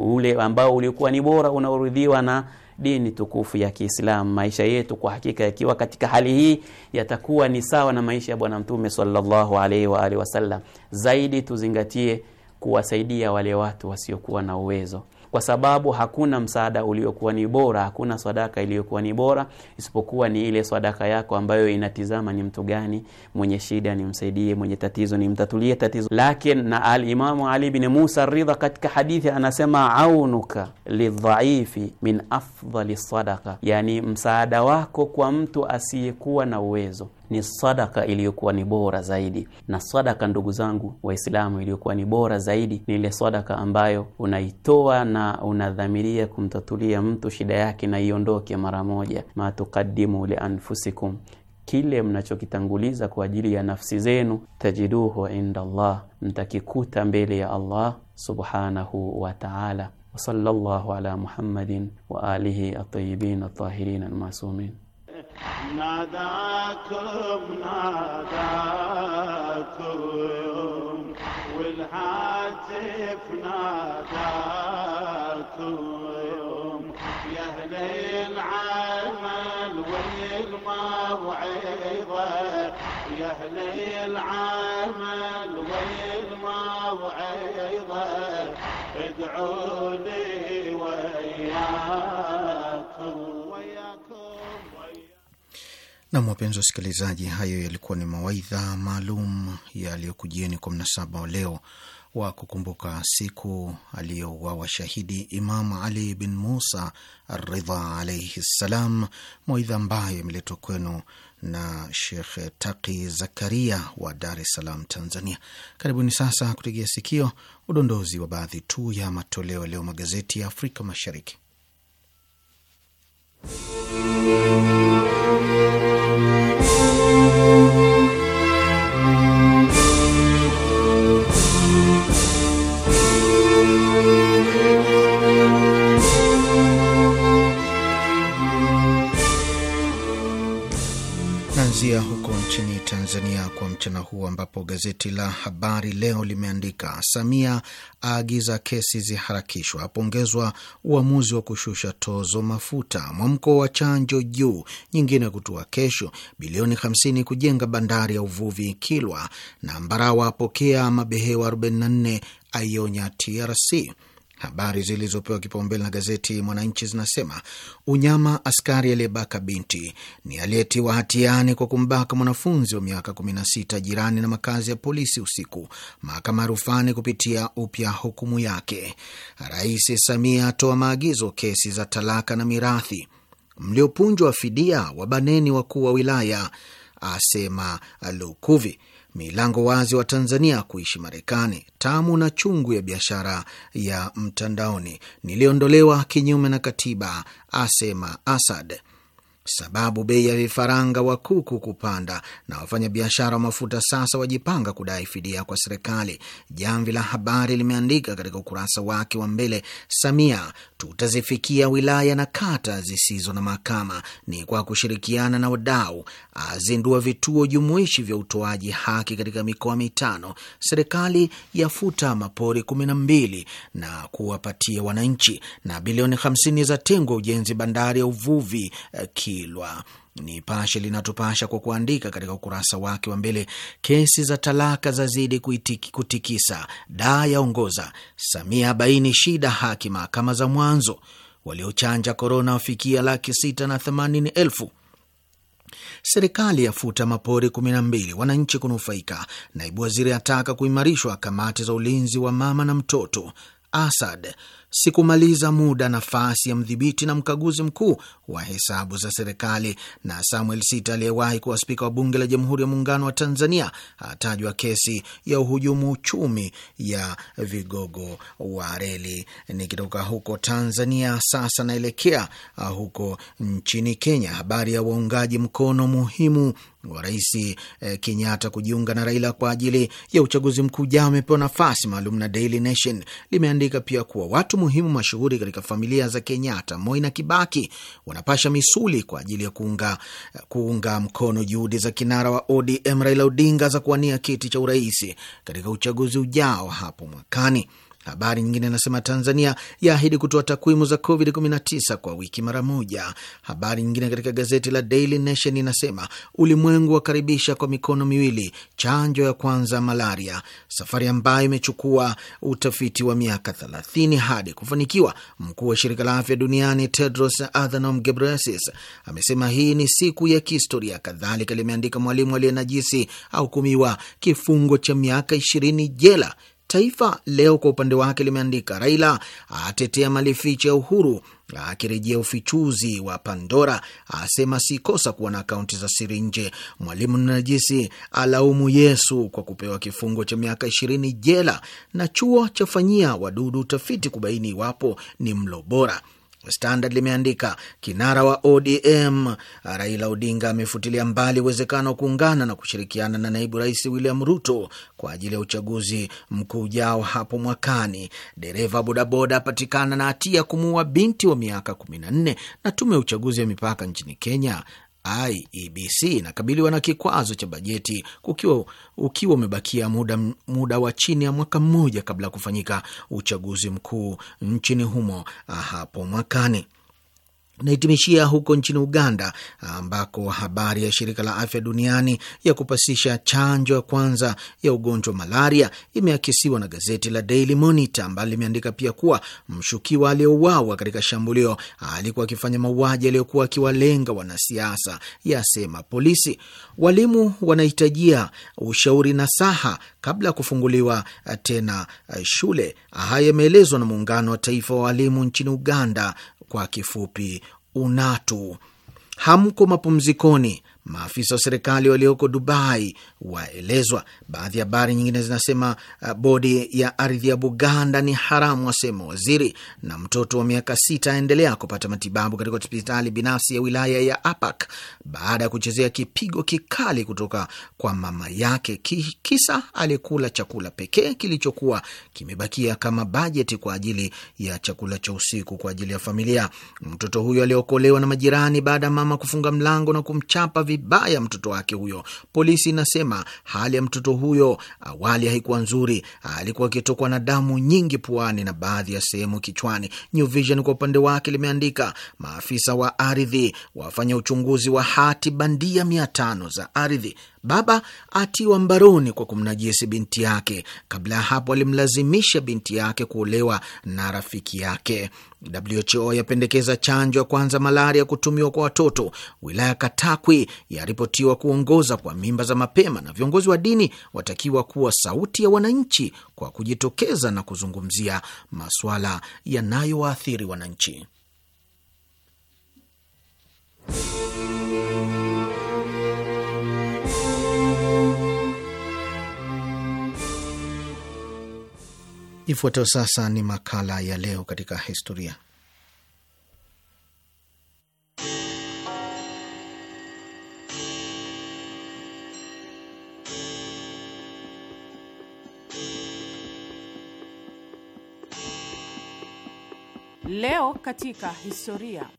ule ambao ulikuwa ni bora unaoridhiwa na dini tukufu ya Kiislamu. Maisha yetu kwa hakika yakiwa katika hali hii yatakuwa ni sawa na maisha ya Bwana Mtume sallallahu alaihi wa alihi wasallam. Zaidi tuzingatie kuwasaidia wale watu wasiokuwa na uwezo kwa sababu hakuna msaada uliokuwa ni bora, hakuna sadaka iliyokuwa ni bora isipokuwa ni ile sadaka yako ambayo inatizama ni mtu gani mwenye shida, nimsaidie, mwenye tatizo nimtatulie tatizo. Lakin na alimamu Ali bin Musa Ridha katika hadithi anasema, aunuka lidhaifi min afdhali sadaka yani msaada wako kwa mtu asiyekuwa na uwezo ni sadaka iliyokuwa ni bora zaidi. Na sadaka, ndugu zangu Waislamu, iliyokuwa ni bora zaidi ni ile sadaka ambayo unaitoa na unadhamiria kumtatulia mtu shida yake na iondoke mara moja. matukadimu lianfusikum li anfusikum kile mnachokitanguliza kwa ajili ya nafsi zenu, tajiduhu inda Allah, mtakikuta mbele ya Allah subhanahu wataala ta'ala. Wa Muhammadin wa atayibin atahirin almasumin al ناداكم ناداكم والهاتف ناداكم يا اهل العمل والموعظه يا اهل العمل والموعظه ادعوا لي وياكم Nam, wapenzi wasikilizaji, hayo yalikuwa ni mawaidha maalum yaliyokujieni kwa mnasaba wa leo wa kukumbuka siku aliyouawa shahidi Imam Ali bin Musa Ridha alaihi ssalam, mawaidha ambayo yameletwa kwenu na Shekh Taki Zakaria wa Dar es Salaam, Tanzania. Karibuni sasa kutegea sikio udondozi wa baadhi tu ya matoleo leo magazeti ya Afrika Mashariki. kuanzia Tanzania kwa mchana huu ambapo gazeti la Habari Leo limeandika Samia aagiza kesi ziharakishwa, apongezwa uamuzi wa kushusha tozo mafuta, mwamko wa chanjo juu, nyingine kutua kesho, bilioni 50 kujenga bandari ya uvuvi Kilwa, na Mbarawa apokea mabehewa 44, aionya TRC. Habari zilizopewa kipaumbele na gazeti Mwananchi zinasema unyama, askari aliyebaka binti ni aliyetiwa hatiani kwa kumbaka mwanafunzi wa miaka 16 jirani na makazi ya polisi usiku. Mahakama rufani kupitia upya hukumu yake. Rais Samia atoa maagizo kesi za talaka na mirathi. Mliopunjwa fidia wabaneni wakuu wa wilaya, asema Lukuvi milango wazi wa Tanzania kuishi Marekani, tamu na chungu ya biashara ya mtandaoni, niliondolewa kinyume na katiba, asema Asad sababu bei ya vifaranga wa kuku kupanda na wafanyabiashara wa mafuta sasa wajipanga kudai fidia kwa serikali. Jamvi la Habari limeandika katika ukurasa wake wa mbele, Samia, tutazifikia wilaya na kata zisizo na mahakama ni kwa kushirikiana na wadau, azindua vituo jumuishi vya utoaji haki katika mikoa mitano, serikali yafuta mapori kumi na mbili na kuwapatia wananchi, na bilioni hamsini za tengwa ujenzi bandari ya uvuvi eh, ki Kilwa. Nipashe linatupasha kwa kuandika katika ukurasa wake wa mbele, kesi za talaka zazidi kuitiki, kutikisa daa yaongoza. Samia baini shida haki mahakama za mwanzo. Waliochanja korona wafikia laki sita na themanini elfu. Serikali yafuta mapori kumi na mbili, wananchi kunufaika. Naibu waziri ataka kuimarishwa kamati za ulinzi wa mama na mtoto. Asad sikumaliza muda nafasi ya mdhibiti na mkaguzi mkuu wa hesabu za serikali. Na Samuel Sita aliyewahi kuwa spika wa bunge la Jamhuri ya Muungano wa Tanzania atajwa kesi ya uhujumu uchumi ya vigogo wa reli. Nikitoka huko Tanzania sasa naelekea huko nchini Kenya. Habari ya waungaji mkono muhimu wa Rais eh, Kenyatta kujiunga na Raila kwa ajili ya uchaguzi mkuu ujao amepewa nafasi maalum na Daily Nation limeandika pia kuwa watu muhimu mashuhuri katika familia za Kenyatta, Moi na Kibaki wanapasha misuli kwa ajili ya kuunga, eh, kuunga mkono juhudi za kinara wa ODM Raila Odinga za kuwania kiti cha urais katika uchaguzi ujao hapo mwakani. Habari nyingine inasema Tanzania yaahidi kutoa takwimu za COVID-19 kwa wiki mara moja. Habari nyingine katika gazeti la Daily Nation inasema ulimwengu wakaribisha kwa mikono miwili chanjo ya kwanza malaria, safari ambayo imechukua utafiti wa miaka 30 hadi kufanikiwa. Mkuu wa shirika la afya duniani Tedros Adhanom Ghebreyesus amesema hii ni siku ya kihistoria. Kadhalika limeandika mwalimu aliyenajisi ahukumiwa kifungo cha miaka 20 jela Taifa Leo kwa upande wake limeandika Raila atetea malificho ya Uhuru, akirejea ufichuzi wa Pandora, asema si kosa kuwa na akaunti za siri nje. Mwalimu najisi alaumu Yesu kwa kupewa kifungo cha miaka ishirini jela, na chuo chafanyia wadudu utafiti kubaini iwapo ni mlo bora. Standard limeandika kinara wa ODM Raila Odinga amefutilia mbali uwezekano wa kuungana na kushirikiana na naibu rais William Ruto kwa ajili ya uchaguzi mkuu ujao hapo mwakani. Dereva bodaboda apatikana na hatia kumuua binti wa miaka 14. Na tume ya uchaguzi ya mipaka nchini Kenya IEBC inakabiliwa na kikwazo cha bajeti kukiwa ukiwa umebakia muda, muda wa chini ya mwaka mmoja kabla ya kufanyika uchaguzi mkuu nchini humo ah, hapo mwakani. Nahitimishia huko nchini Uganda ambako habari ya shirika la afya duniani ya kupasisha chanjo ya kwanza ya ugonjwa wa malaria imeakisiwa na gazeti la Daily Monitor ambalo limeandika pia kuwa mshukiwa aliyeuawa katika shambulio alikuwa akifanya mauaji aliyokuwa akiwalenga wanasiasa, yasema polisi. Walimu wanahitajia ushauri na saha kabla ya kufunguliwa tena shule. Haya yameelezwa na muungano wa taifa wa walimu nchini Uganda kwa kifupi UNATU. Hamko mapumzikoni, maafisa wa serikali walioko Dubai waelezwa. Baadhi ya habari nyingine zinasema uh, bodi ya ardhi ya Buganda ni haramu, wasema waziri, na mtoto wa miaka sita aendelea kupata matibabu katika hospitali binafsi ya wilaya ya Apak baada ya kuchezea kipigo kikali kutoka kwa mama yake, kisa alikula chakula pekee kilichokuwa kimebakia kama bajeti kwa ajili ya chakula cha usiku kwa ajili ya familia. Mtoto huyo aliokolewa na majirani baada ya mama kufunga mlango na kumchapa vibaya mtoto wake huyo. Polisi inasema hali ya mtoto huyo awali haikuwa nzuri, alikuwa akitokwa na damu nyingi puani na baadhi ya sehemu kichwani. New Vision kwa upande wake limeandika maafisa wa ardhi wafanya uchunguzi wa hati bandia mia tano za ardhi Baba atiwa mbaroni kwa kumnajisi binti yake. Kabla ya hapo, alimlazimisha binti yake kuolewa na rafiki yake. WHO yapendekeza chanjo ya kwanza malaria kutumiwa kwa watoto. Wilaya Katakwi yaripotiwa kuongoza kwa mimba za mapema, na viongozi wa dini watakiwa kuwa sauti ya wananchi kwa kujitokeza na kuzungumzia masuala yanayowaathiri wananchi. Ifuatayo sasa ni makala ya leo katika historia. Leo katika historia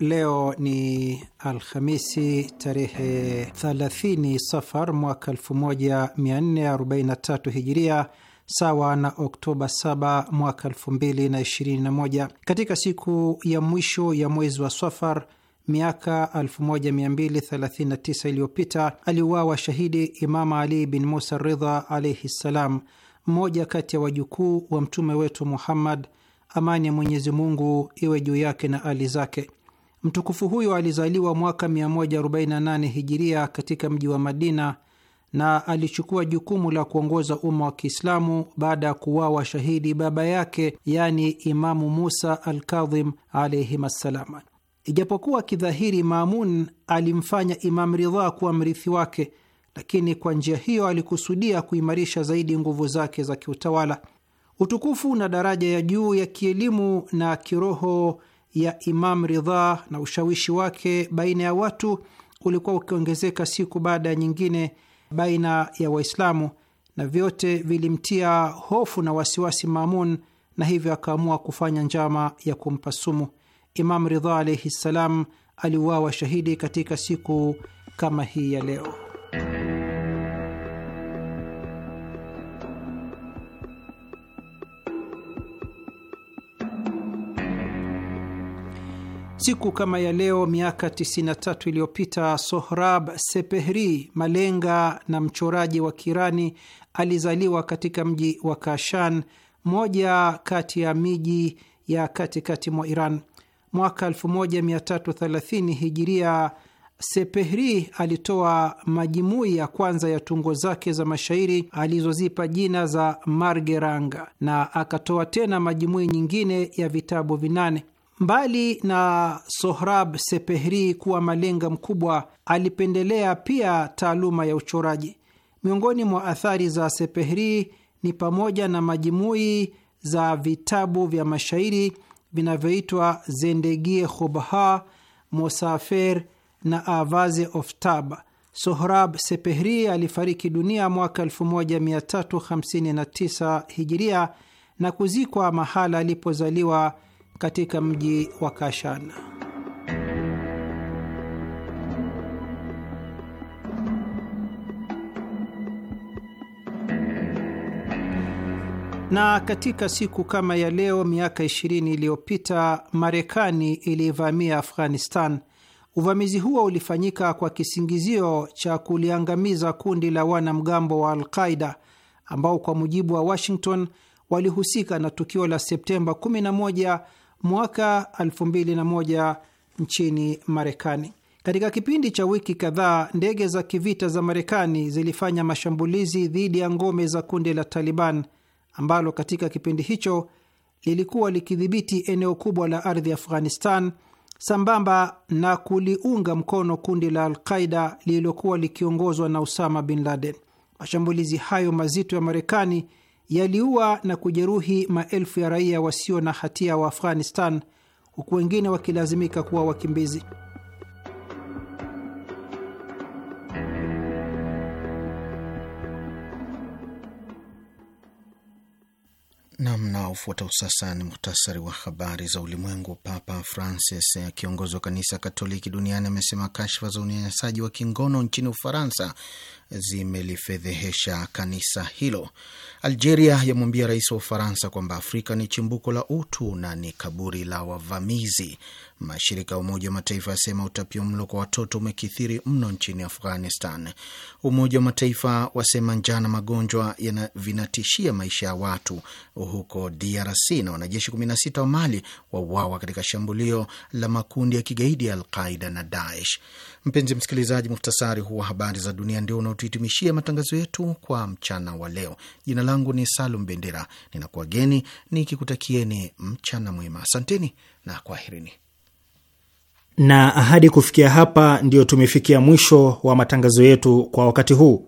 Leo ni Alhamisi tarehe 30 Safar mwaka 1443 Hijiria, sawa na Oktoba 7 mwaka 2021. Katika siku ya mwisho ya mwezi wa Safar miaka 1239 iliyopita aliuawa shahidi Imama Ali bin Musa Ridha alaihi ssalam, mmoja kati ya wajukuu wa mtume wetu Muhammad, amani ya Mwenyezi Mungu iwe juu yake na ali zake. Mtukufu huyo alizaliwa mwaka 148 hijiria katika mji wa Madina na alichukua jukumu la kuongoza umma wa Kiislamu baada ya kuwawa shahidi baba yake, yani Imamu Musa Alkadhim alaihim assalam. Ijapokuwa kidhahiri mamun alimfanya Imam Ridha kuwa mrithi wake, lakini kwa njia hiyo alikusudia kuimarisha zaidi nguvu zake za kiutawala. Utukufu na daraja ya juu ya kielimu na kiroho ya Imam Ridha na ushawishi wake baina ya watu ulikuwa ukiongezeka siku baada ya nyingine baina ya Waislamu, na vyote vilimtia hofu na wasiwasi Mamun, na hivyo akaamua kufanya njama ya kumpa sumu. Imam Ridha alaihi ssalam aliuawa shahidi katika siku kama hii ya leo. Siku kama ya leo miaka 93 iliyopita Sohrab Sepehri, malenga na mchoraji wa Kirani, alizaliwa katika mji wa Kashan, moja kati ya miji ya katikati mwa Iran. Mwaka 1330 hijiria, Sepehri alitoa majimui ya kwanza ya tungo zake za mashairi alizozipa jina za Margeranga, na akatoa tena majimui nyingine ya vitabu vinane. Mbali na Sohrab Sepehri kuwa malenga mkubwa, alipendelea pia taaluma ya uchoraji. Miongoni mwa athari za Sepehri ni pamoja na majimui za vitabu vya mashairi vinavyoitwa Zendegie Khobha, Mosafer na Avaze Oftab. Sohrab Sepehri alifariki dunia mwaka 1359 hijiria na kuzikwa mahala alipozaliwa katika mji wa Kashan. Na katika siku kama ya leo miaka 20 iliyopita Marekani ilivamia Afghanistan. Uvamizi huo ulifanyika kwa kisingizio cha kuliangamiza kundi la wanamgambo wa Alqaida ambao kwa mujibu wa Washington walihusika na tukio la Septemba 11 mwaka 2001 nchini Marekani. Katika kipindi cha wiki kadhaa, ndege za kivita za Marekani zilifanya mashambulizi dhidi ya ngome za kundi la Taliban ambalo katika kipindi hicho lilikuwa likidhibiti eneo kubwa la ardhi ya Afghanistan sambamba na kuliunga mkono kundi la Alqaida lililokuwa likiongozwa na Usama bin Laden. Mashambulizi hayo mazito ya Marekani yaliua na kujeruhi maelfu ya raia wasio na hatia wa Afghanistan, huku wengine wakilazimika kuwa wakimbizi. Namna ufuata usasa ni muhtasari wa habari za ulimwengu. Papa Francis, eh, kiongozi wa kanisa Katoliki duniani, amesema kashfa za unyanyasaji wa kingono nchini Ufaransa zimelifedhehesha kanisa hilo. Algeria yamwambia rais wa Ufaransa kwamba Afrika ni chimbuko la utu na ni kaburi la wavamizi. Mashirika ya Umoja wa Mataifa yasema utapio mlo kwa watoto umekithiri mno nchini Afghanistan. Umoja wa Mataifa wasema njaa na magonjwa vinatishia maisha ya watu huko DRC na wanajeshi 16 wa Mali wauawa katika shambulio la makundi ya kigaidi ya Alqaida na Daesh. Mpenzi msikilizaji, muhtasari huu wa habari za dunia ndio unaotuhitimishia matangazo yetu kwa mchana wa leo. Jina langu ni Salum Bendera, ninakuwageni nikikutakieni mchana mwema. Asanteni na kwaherini na ahadi. Kufikia hapa, ndio tumefikia mwisho wa matangazo yetu kwa wakati huu.